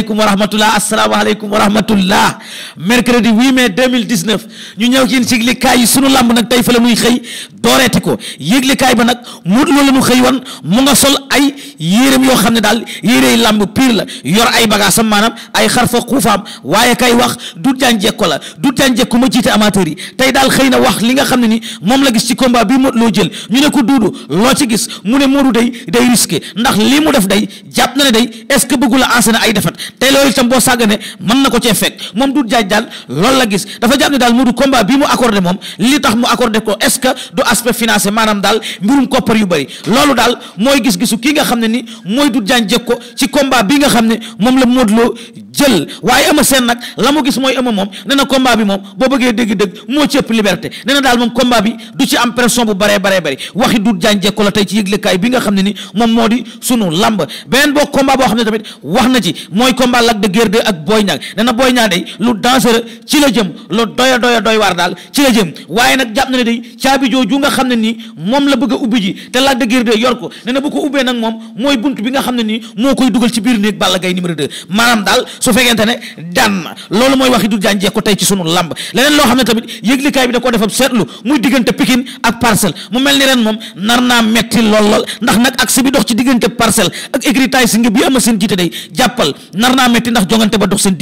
aleykum wa rahmatullah asalaamaaleykum wa rahmatullah mercredi 8 mai 2019 ñu ñëw ci yéen ci yëglikaay yi sunu lamb nag tey fa la muy xëy dooreeti ko yëglikaay ba nag Modou Lo la nu xëy wan mu nga sol ay yéreem yoo xam ne daal yérey làmb piir la yor ay bagaasam maanaam ay xar xarfa xuufaam waaye kay wax du jànjekko la du jànjekko ma jiite amateur yi tey daal xëy na wax li nga xam ne ni moom la gis ci combat bi Modou Lo jël ñu ne ko duudu loo ci gis mu ne Modou day day risqué ndax lii mu def dey jàpp na ne day est-ce que bëggula enseigné ay defat tey lool itam boo sàggane mën na ko cee fekk moom du jaaj daal la gis dafa jàpp ne daal Modou combat bi mu accordé moom li tax mu accordé ko est-ce aspect financier maanaam daal mbirum koppar yu bëri loolu daal mooy gis-gisu kii nga xam ne ni mooy Doudou Diagne Diecko ci combat bi nga xam ne moom la Modou Lo jël waaye Eumeu seen nag la mu gis mooy Eumeu moom nee na combat bi moom boo bëggee dégg-dégg moo ci ëpp liberté nee na daal moom combat bi du ci am pression bu baree baree bëri waxi Doudou Diagne Diecko la tey ci yëglekaay bi nga xam ne ni moom moo di sunu lamb beneen boo combat boo xam ne tamit wax na ci mooy combat Lac de Guiers ak Boy Niang nee na Boy Niang day ci la jëm lu doya doya doy waar daal ci la jëm waaye nga xam ne nii moom la bëgg a ubbi ji te Lac de Guiers 2 yor ko ne na bu ko ubbee nag moom mooy bunt bi nga xam ne nii moo koy dugal ci biir néeg Balla Gaye numéro 2 maanaam daal su fekkente ne daan na loolu mooy waxi du jaan jeex ko tey ci sunu lamb leneen loo xam ne tamit yëglikaay bi da ko defab seetlu muy diggante Pikine ak Parcelles mu mel ni ren moom nar naa metti lool lool ndax nag axe bi dox ci diggante Parcelles ak écritage si nga bi ama seen jiite day jàppal nar naa metti ndax jongante ba dox seen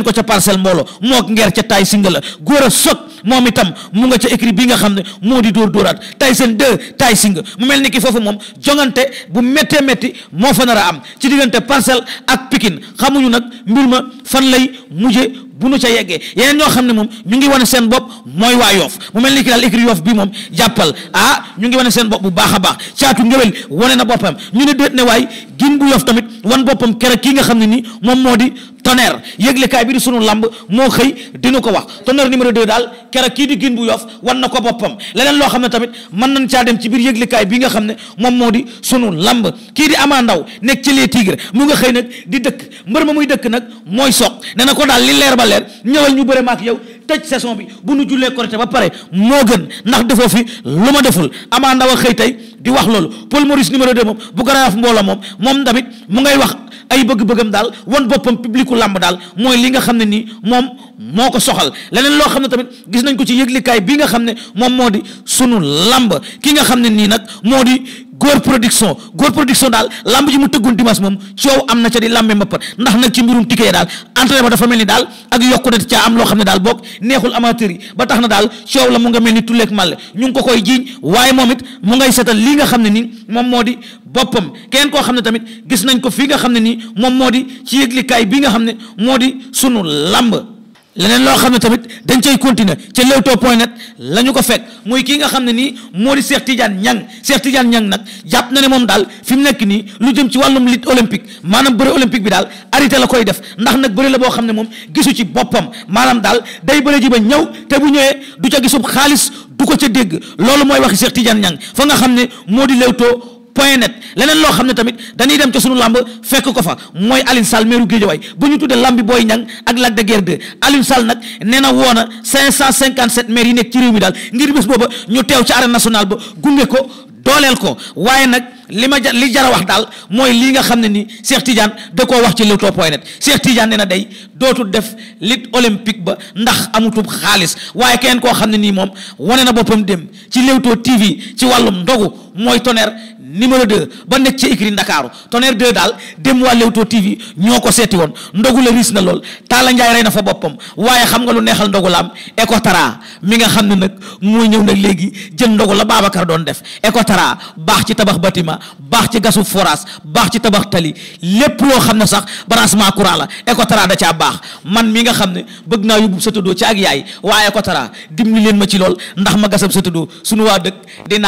ko ca Parcelles mook ngeer ca taay singa la góora a sot moom itam mu nga ca écrit bi nga xam ne moo di dóor dóoraat taay seen deux taay singa mu mel ni ki foofu moom jongante bu méttee métti moo fa nar am ci diggante parcelle ak pikin xamuñu nag mbir ma fan lay mujje bu nu ca yeggee yeneen ñoo xam ne moom ñu ngi wane seen bopp mooy waa yoof mu mel ni ki daal écrit yoof bi moom jàppal ah ñu ngi wane seen bopp bu baax a baax caatu ngewel wane na boppam ñu ne déet ne waay gin bu yoof tamit wan boppam kere kii nga xam ne nii moom moo di tonnerre yëglekaay bi di sunu lamb moo xëy dina ko wax tonnerre numéro 2 daal keroog kii di gin bu yof wan na ko boppam leneen loo xam ne tamit mën nañ caa dem ci biir yëglekaay bi nga xam ne moom moo di sunu làmb kii di amaa Ndaw nekk ci lee tigres mu nga xëy nag di dëkk mbër ma muy dëkk nag mooy soq nee na ko daal li leer ba leer ñëwal ñu bëre maak yow tëj saison bi bu nu jullee korité ba pare moo gën ndax defoo fi lu ma deful amaa ndaw a xëy tey di wax loolu Paul Maurice numéro 2 moom bu garaaf mboola moom moom tamit mu ngay wax ay bëgg-bëggam daal wan boppam publiku làmb daal mooy li nga xam ne nii moom moo ko soxal leneen loo xam ne tamit gis nañ ko ci yëglikaay bi nga xam ne moom moo di sunu làmb ki nga xam ne nii nag moo di góor production góor production daal làmb ji mu tëggoon dimanche moom coow am na ca di làmbe mbappat ndax nag ci mbirum ticket daal entraînement dafa mel ni daal ak yokkute ca am loo xam ne daal boog neexul amateur yi ba tax na daal coow la mu nga mel ni tulleeg màlle ñu ngi ko koy jiiñ waaye moom it mu ngay seetal lii nga xam ne nii moom moo di boppam keneen koo xam ne tamit gis nañ ko fii nga xam ne nii moom moo di ci yëglikaay bii nga xam ne moo di sunu làmb leneen loo xam ne tamit dañ cay continuer ca Leewtoo point net la ñu ko fekk muy kii nga xam ne nii moo di Cheikh Tidiane ñan Cheikh Tidiane Niang nag jàpp na ne moom daal fi mu nekk nii lu jëm ci wàllum lutte olympique maanaam bëre olympique bi daal arrêté la koy def ndax nag bëre la boo xam ne moom gisu ci boppam maanaam daal day bëre ji ba ñëw te bu ñëwee du ca gisub xaalis du ko ca dégg loolu mooy waxi Cheikh Tidiane Niang fa nga xam ne moo di Leewtoo point net leneen loo xam ne tamit dañuy dem ca sunu làmb fekk ko fa mooy alin Alioune Sall meeru Guédiawaye bu ñu tuddee làmbi booy Niang ak Lac de Guiers 2 Alioune Sall nag nee na woona 557 maires yi nekk ci réew mi daal ngir bés booba ñu teew ci arène nationale ba gunge ko dooleel ko waaye nag li ma ja li jara wax daal mooy lii nga xam ne ni Cheikh Tidiane da koo wax ci Leewtoo point net Cheikh Tidiane nee na day dootul def lutte olympique ba ndax amutub xaalis waaye kenn koo xam ne nii moom wane na boppam dem ci Leewtoo TV ci wàllum ndogu mooy tonnerre numéro 2 ba nekk ci écurie Ndakaaru tonnerre 2 daal dem waa Leewtoo TV ñoo ko seeti woon ndogu la riis na lool Talla Ndiaye rey na fa boppam waaye xam nga lu neexal ndogu la am Ecotara mi nga xam ne nag moo ñëw nag léegi jël ndogu la Babacar doon def Ecotara baax ci tabax bâtiment baax ci gasu forage baax ci tabax tali lépp loo xam ne sax branchement courant la Ecotara da caa baax man mi nga xam ne bëgg naa yóbbu sa tuddoo ci ak yaay waaye Ecotara dimbali leen ma ci lool ndax ma gasam sa tuddoo suñu waa dëkk di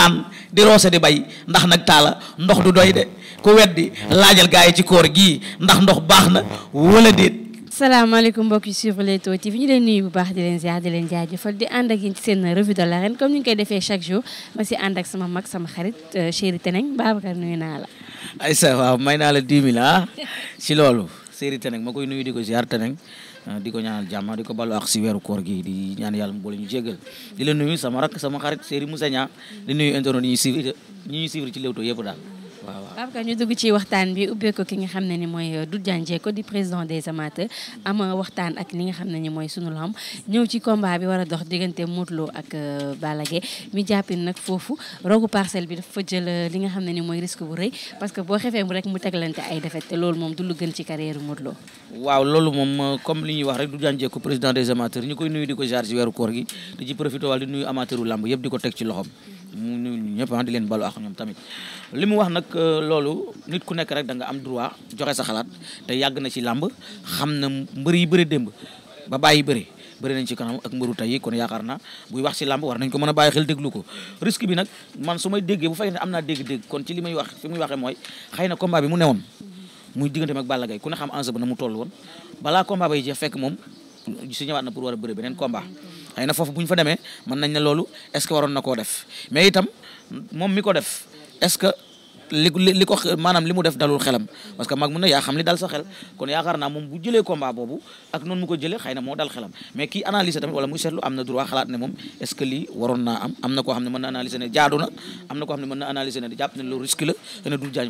di roose di bay ndax nag taala ndox du doy de ku weddi laajal gaa yi ci koor gii ndax ndox baax na wala déet salaamaaleykum mbokk yi suivre Leewtoo TV ñu leen nuyu bu baax di leen ziar di leen jaajëfal di ànd ak yéen ci seen revue de l'arène comme ni ñu koy defee chaque jour ma si ànd ak sama mag sama xarit euh, chéri Teneng Babacar nuyu naa la ay sa waaw may naa la 10 000 ah si loolu chéri Teneng ma koy nuyu di ko ziar Teneng Eh, di ko ñaanal jàmm di ko ballu ak si koor gi di ñaan yàlla mu boole ñu jéggal di la nuyu sama rakk sama xarit Serigne Moussa Niang nuyu internet ñi ñuy suivre ñi ñuy suivre ci Leewtoo yëpp daal waaw waaw Babacar ñu dugg ci waxtaan bi ubbee ko ki nga xam ne ni mooy euh, Doudou Diagne di président des amateurs am waxtaan ak li nga xam ne ni mooy sunu lamb ñëw ci combat bi war a dox diggante Modou Lo ak euh, Balla Gaye foofu rogu parcelle bi dafa jël euh, li nga xam ne ni mooy risque bu rëy parce que boo xefee mu rek mu teglante ay défaite te loolu moom du lu gën ci carrière Modou Lo waaw loolu moom comme li ñuy wax rek Doudou Diagne Diécko président des amateurs ñu koy nuyu di ko jaar ci weeru koor gi di ci profité wàll di nuyu amateur yëpp di ko teg ci loxom mu nuyu ñëpp ah di leen balu ak ñoom tamit li mu wax nag euh, loolu nit ku nekk rek danga am droit joxe sa xalaat te yàgg na ci làmb xam na mbër yi bëri démb ba bàyyi bëri bëri nañ ci kanam ak mbëru tey kon yaakaar na buy wax ci làmb war nañ ko mën a bàyyi xel déglu ko risque bi nag man su may déggee bu fekkee am naa dégg-dégg kon ci li muy wax fi muy waxee mooy xëy na combat bi mu newoon muy diggante ak Balla Gaye ku ne xam enjeu ba na mu toll woon balaa combat bay jeex fekk moom si ñëwaat na pour war a bëri beneen komba xëy na foofu bu ñu fa demee mën nañ ne loolu est-ce que waroon na koo def mais itam moom mi ko def est-ce que li ko maanaam li mu def dalul xelam parce que mag mun na yaa xam li dal sa xel kon yaakaar naa moom bu jëlee combat boobu ak noonu mu ko jëlee xëy moo dal xelam mais kii analyser tamit wala muy seetlu am na droit xalaat ne moom est-ce que lii waroon naa am am na koo xam ne mën na analyser ne jaadu na am na koo xam ne mën na analyser ne jàpp ne loolu risque la te ne du jaañ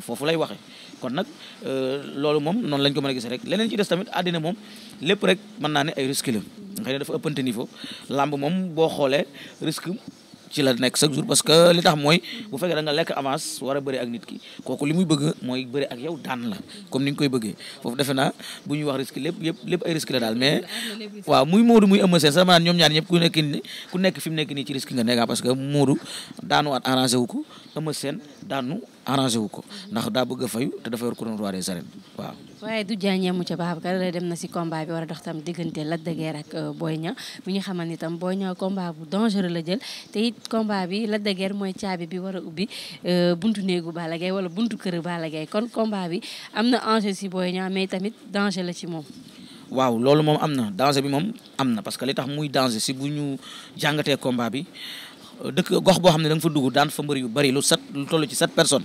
euh, noonu lañ ko mën a gisee rek leneen ci des tamit àddina moom lépp rek mën naa ne ay risque la xëy na dafa ëppante niveau làmb moom boo xoolee risque ci la nekk chaque jour parce que li tax mooy bu fekkee da lekk avance war a ak nit ki kooku li muy bëgg mooy bëri ak yow daan la comme ni koy bëggee foofu defe naa bu ñuy wax risque lépp ay risque la daal mais waaw muy Modou muy Eumeu Sène sax ñoom ñaar ñëpp ku nekk ni nekk nii ci risque nga nekk parce que Modou daanu at ko Eumeu daanu arrangé wu ko ndax daa bëgg a fayu te dafa yor couronne roi des waaw. waaye du jañee mu ca Babacar dem na si combat bi war a dox tam diggante Lac de Guiers ak euh, Boy bu ñu xamal ni tam Boy Niang combat bu dangereux la jël te it combat bi la de mooy caabi bi war a ubbi euh, buntu néegu Balla Gaye wala buntu kër Balla Gaye kon combat bi am na enjeu si Boy Niang mais tamit danger la ci moom. waaw loolu moom am na danger bi moom am na parce que li tax muy danger si bu ñu jàngatee combat bi. dëkk gox boo xam ne da nga fa dugg daan fa mbër yu bari lu set lu toll ci sept personnes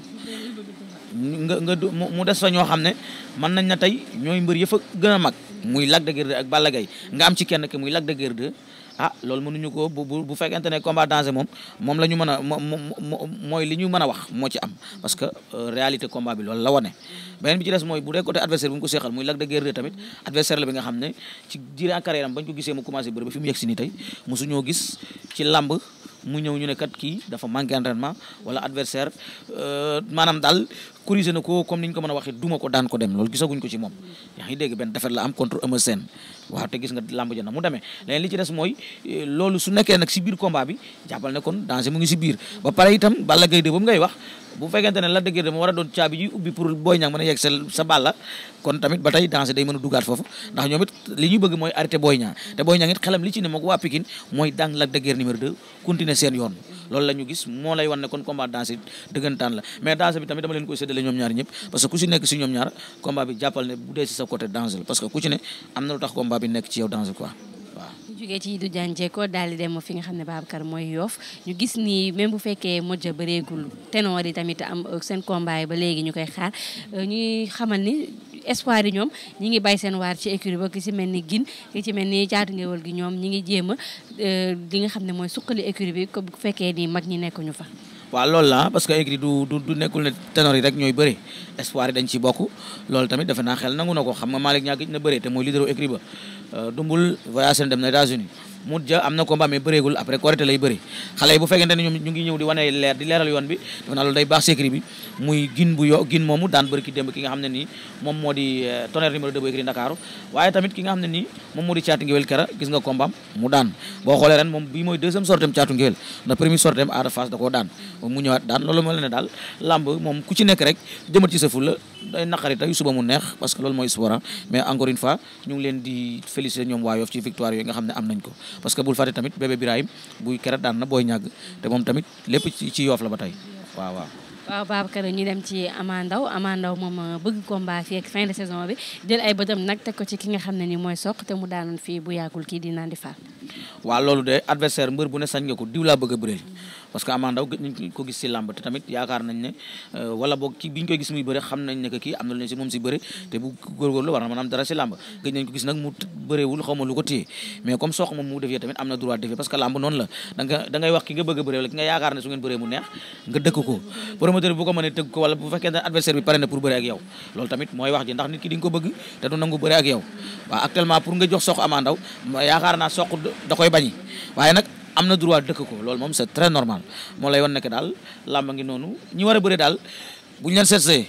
mu des fa ñoo xam ne mën nañ na tey ñooy mbër yëfa gën a mag muy Lac de Guiers 2 nga am ci kenn ki muy Lac de Guiers 2 ah loolu mënuñu ko bu bu fekkente ne combat danger moom moom la ñu mën a mooy li ñu mën a wax moo ci am parce que euh, réalité combat bi loolu la wane. beneen bi bu dee ko seexal la bi nga xam ne ci durant carrière am bañ ko gisee mu commencé bëri ba fi mu yegg si nii tey mosuñoo gis ci làmb mu ñëw ñu kat kii dafa manqué entraînement wala adversaire euh, maanaam daal corrigé na ko comme ni ko mën a waxee duma ko daan ko dem loolu gisaguñ ko ci moom yaa dégg benn defet la am contre Eumeu Sène waaw te mu demee léegi li des mooy euh, loolu su nag si biir combat bi ne kon danger mu ngi si biir ba pare itam Balla Gaye de boobu ngay wax bu fekkente ne la dëgg dama war a doon caabi ji ubbi pour Boy Niang mën a yegg sa Balla kon tamit ba continuer seen yoon loolu la gis moo lay wan ne kon combat danse dëggantaan la mais danse bi tamit dama leen koy séddale ñoom ñaar ñëpp parce que ku ci nekk ci ñoom ñaar combat bi jàppal ne bu dee ci sa côté danse la parce que ku ci ne am na lu tax combat bi nekk ci yow danse quoi waaw jógee ci fi nga xam ne Babacar mooy yoof ñu gis ni même bu fekkee mojja bareegul ténor yi tamit am seen combat ba léegi ñu koy xaar euh, ñuy xamal ni espoir yi ñoom ñi ngi bay seen waar ci écurie ba ki ci mel ni gin ki ci mel ni jaatu ngéwal gi ñoom ñi ngi jéem a euh, li nga xam ne mooy suqali écurie bi ko bu fekkee ni mag ñi nekkuñu fa waaw loolu la parce que écurie du du du nekkul ne ténor yi rek ñooy bëri espoir yi dañ ci bokk loolu tamit defe naa xel nangu na ko xam nga Malick ñaa gëj na bëree te mooy leaderu écurie ba euh, dumbul voyage dem na États-Unis mu ja am na combat mais bëreegul après Korité lay bëri xale yi bu fekkente ne ñoom ñu ngi ñëw di wane leer di leeral yoon bi def naa loolu day baax sécri bi muy gin bu yo gin moomu daan bëri ki démb ki nga xam ne nii moom moo di euh, tonnerre numéro 2 bu écrit ki nga xam ne nii moom moo di caatu ngéwél kera gis nga combat mu daan boo xoolee ren moom bii mooy deuxième sortem caatu ngéwél ndax premier sortem Ada Fass da koo daan mu ñëwaat daan loolu moo leen daal lamb moom ku ci nekk rek jëmat ci sa day que loolu mooy sport ah. mais encore une fois ñu ngi leen nga xam ne am nañ ko parce que bul fàtte tamit bébé Birahim buy keroog daan na booy ñàgg te moom tamit lépp ci ci yoof la ba tey waaw waaw. waaw Babacar ñu dem ci Ama Ndaw Ama Ndaw moom euh, bëgg combat fii fin de saison bi jël ay bëtam nag teg ko ci ki nga xam ne ni mooy soq te mu daan fii bu yàggul kii di naan di faal. waaw loolu de adversaire mbër bu ne sañ nga ko diw laa bëgg a bëreel parce que Ama Ndaw gëj nañ ko gis si làmb tamit yaakaar nañ ne euh, wala boog ci biñ koy gis muy bëre xam nañ ne que am na lu ne si moom si bëre te bu góorgóorlu war na mën am dara ko na droit defee parce que làmb noonu la danga da ngay wax ki nga bëgg a bëree wala ki te du nangu bëre ak yow waaw actuellement pour nga jox sox Ama yaakaar naa sox da koy bañi waaye nag am na droit dëkk ko loolu moom c'est très normal moo lay wan nekk daal làmba ngi noonu ñi war a bëre daal buñ leen seetsee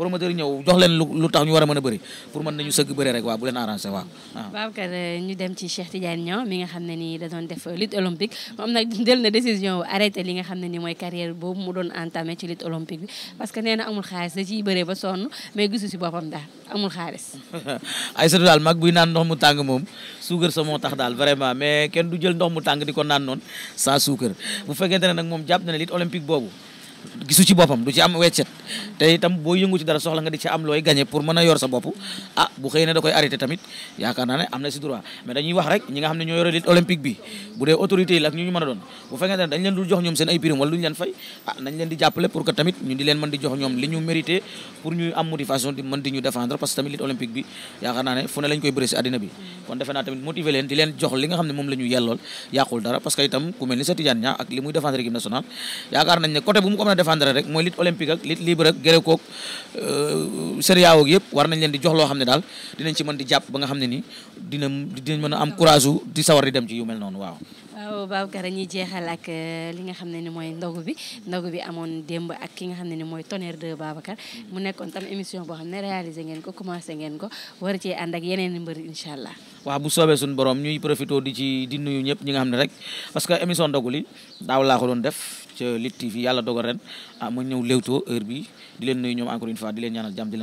promoteur ñëw jox leen lu tax ñu war a mën a bëri pour mën nañu sëgg bëri rek waaw bu leen arrangé waaw Babacar euh, ñu dem ci Cheikh Tidiane Niang mi nga xam ne nii da doon def euh, lutte olympique moom nag jël na décision arrêté li nga xam ne nii mooy carrière boobu mu doon entamé ci lutte olympique bi parce que nee na amul xaalis da ciy bëree ba sonn mais gisu si boppam daal amul xaalis ay satu daal mag buy naan ndox mu tàng moom suukar sa moo tax daal vraiment mais kenn du jël ndox mu tàng di ko naan noon sans suukar bu fekkente ne nag moom jàpp na ne lutte olympique boobu gisu ci boppam du ci am weccet te itam boo yëngu ci dara soxla nga di ci am looy gagné pour mën a yor sa bopp ah bu xëy ne da koy arrêté tamit yaakaar naa ne am na si droit mais dañuy ñu ñu ah, pour que am motivation di di ñu défendre parce que itam ku ni sa Tidiane Niang ak li muy défendre équipe nationale yaakaar nañ ne côté bu mu a défendre rek mooy lutte olympique ak lutte libre ak gréco ak sériao ak yëpp war nañ leen di jox loo xam ne daal dinañ ci mën di jàpp ba nga xam ne ni dina dinañ mën a am courage di sawar di dem ci yu mel noonu waaw waaw Babacar ñuy jeexal ak euh, li nga xam ne ni mooy ndogu bi ndogu bi amoon démb ak ki nga xam ne ni mooy tonnerre de Babacar mu nekkoon tam émission boo xam ne réalisé ngeen ko commencé ngeen ko war cee ànd ak yeneen mbër incha allah. waaw bu soobee suñu borom ñuy profité di ci di nuyu ñëpp ñi nga xam ne rek parce que émission ndogu li daaw laa ko doon def ca Lutte TV yàlla dogal ren ah ma ñëw Leewtoo heure bi di leen nuyu ñoom encore une fois di leen ñaanal jàmm di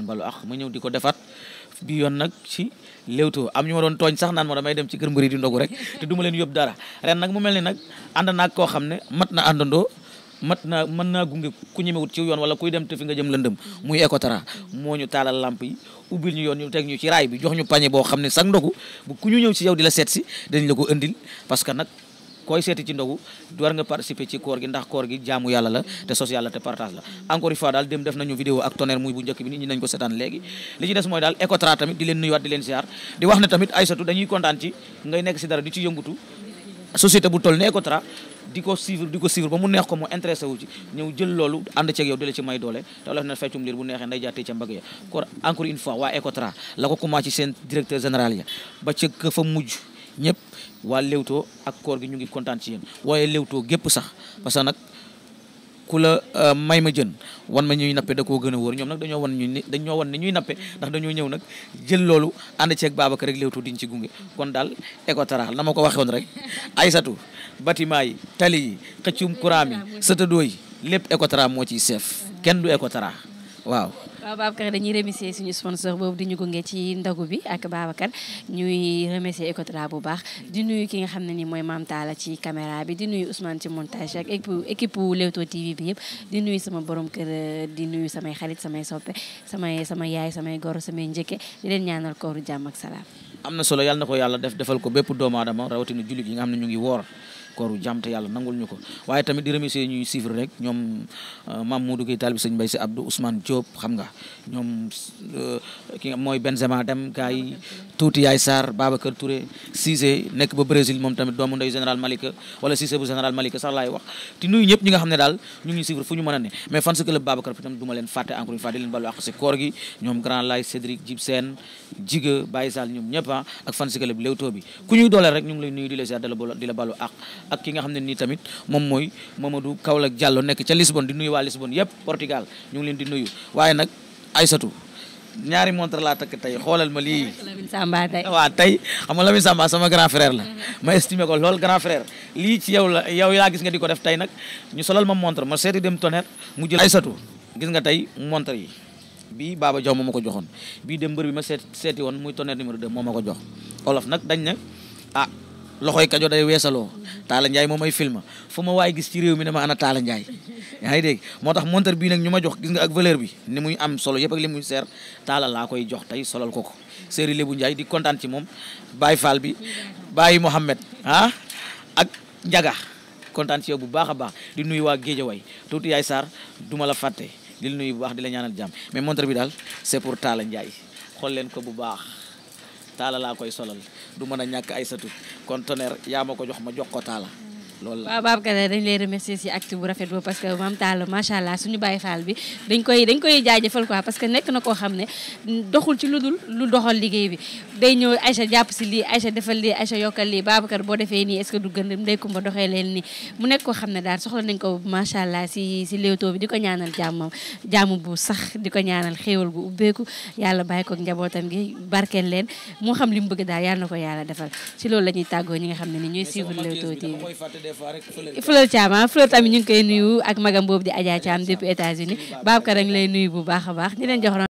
bi yoon nag ci Leewtoo am ñu ma doon tooñ sax naan ma damay dem ci kër mbëri di ndogu rek te duma leen yóbbu dara ren nag mu mel ni nag ànd naag koo xam ne mat na àndandoo mat naa mën naa gunge ku ñemewut ci yoon wala kuy dem te fi nga jëm lëndëm muy Ecotra moo ñu taalal lamp yi ubbil ñu yoon ñu teg ñu ci raay bi jox ñu pañe boo xam ne sax ndogu bu ku ñu ñëw ci yow di la seet si dañ la ko indil parce que nag koy seeti ci ndogu war nga participer ci koor gi ndax koor gi jaamu yàlla la te social la te partage la encore une fois di leen nuyuwaat di leen waa Ecotra la ko commencé ci seen directeur général ya ba ca ka mujj ñëpp waa Leewtoo ak koor gi ñu ngi kontaan ci yéen waaye lewto gépp sax parce que nag ku la euh, may ma jën wan ma ñuy nappe da koo gën a wóor ñoom nag dañoo wan ñu dañoo wan ni ñuy nappe ndax dañoo ñëw nag jël loolu ànd ceeg Babacar rek Leewtoo diñ ci gunge kon daal Ecotra na ma ko waxee woon rek Aysatu bâtiment yi tali yi xëccum courant yi yi lépp Ecotra moo ciy seef kenn du Ecotra waaw waaw Babacar dañuy remercier suñu sponsor boobu di ñu gongee ci ndagu bi ak baabakan ñuy remercier Ecotra bu baax di nuyu ki nga xam ne ni mooy Maam Talla ci caméra bi di nuyu Ousmane ci montage ak équipe Leewtoo TV bi yëpp di nuyu sama borom kër di nuyu samay xarit samay soppe samay sama yaay samay goro samay njëkke di leen ñaanal kooru jàmm ak salaam. am na solo yal na ko yàlla def defal ko bépp doomu aadama rawatina jullit yi nga xam ne ñu ngi woor. kooru jàmm te yàlla nangul ñu ko waaye tamit di remercier ñuy suivre rek ñoom euh, maam Modou Gueye taalibi sëñ Mbaye si Abdou Ousmane Diop xam nga euh, mooy Benzema dem gars tuuti Yaay Sarr Babacar Touré Cissé nekk ba Brésil moom tamit doomu ndeyu général Malika wala Cissé bu général Malika sax laay wax te nuyu ñëpp ñi nga xam ne daal ñu ngi suivre fu ñu mën a ne mais fans club Babacar fi tamit du ma leen fàtte encore une fois di leen balu àq si koor gi ñoom Grand Laye Cédric Djib Sène ak ki nga xam ne nii tamit moom mooy moom kaw Kaolack Diallo nekk ca Lisbonne di nuyu waa Lisbonne yëpp Portugal ñu ngi leen di nuyu waaye nag Aysatu ñaari montre laa takk tey xoolal ma lii waa tey xam nga Lamine Samba sama grand frère la mm-hmm. ma estimé ko lool grand frère lii ci yow la yow laa gis nga di ko def tey nag ñu solal ma montre ma seeti dem tonnerre mu jël Aysatu gis nga tey montre yi bii Baba Diaw moo ma ko joxoon bii dem mbër bi ma seet seeti woon muy tonnerre numéro 2 moo ma ko jox loxoy kajo day weesaloo Talla Ndiaye moom ay film fu ma waay gis ci réew mi ne ma ana taala Ndiaye yaa ngi dégg moo tax monteur bii nag ñu ma jox gis nga ak valeur bi ni muy am solo yëpp ak li muy seer Talla laa koy jox tey solal ko ko Seri Lebu Ndiaye di kontaan ci moom Baye Fall bi Baye Mohamed ah ak Ndiaga kontaan bu baax a baax di nuyu waa Géejawaay tuuti yaay Sarr duma la fàtte di nuyu bu baax di la ñaanal jàmm mais monteur bi daal c'est pour Talla Ndiaye xool leen ko bu baax. taala laa koy solal du mën a ñàkk ay satu kon tonnerre yaa ma ko jox ma jox ko taala loolu la waaw Babacar dañ lay remercier si acte bu rafet boobu parce que maam Talla macha allah suñu Baye Fall bi dañ koy dañ koy jaajëfal quoi parce que nekk na koo xam ne doxul ci lu dul lu doxal liggéey bi day ñëw Aïcha jàpp si lii Aïcha defal lii Aïcha yokkal lii Babacar boo defee nii est-ce que du gën kumba doxee leen nii nekk koo xam ne daal soxla nañ ko macha allah si si bi di ko ñaanal jàmmam jàmm bu sax di ko ñaanal xéewal gu ubbeeku yàlla bàyyi ko njabootam gi barkeel leen moo xam li mu bëgg daal yàlla na ko yàlla defal si loolu la ñuy tàggoo ñi nga xam ne ni ñooy suivre Leewtoo TV Fleur Thiam ah Fleur tamit ñu ngi koy nuyu ak magam depuis États-Unis Babacar a ngi lay nuyu bu baax a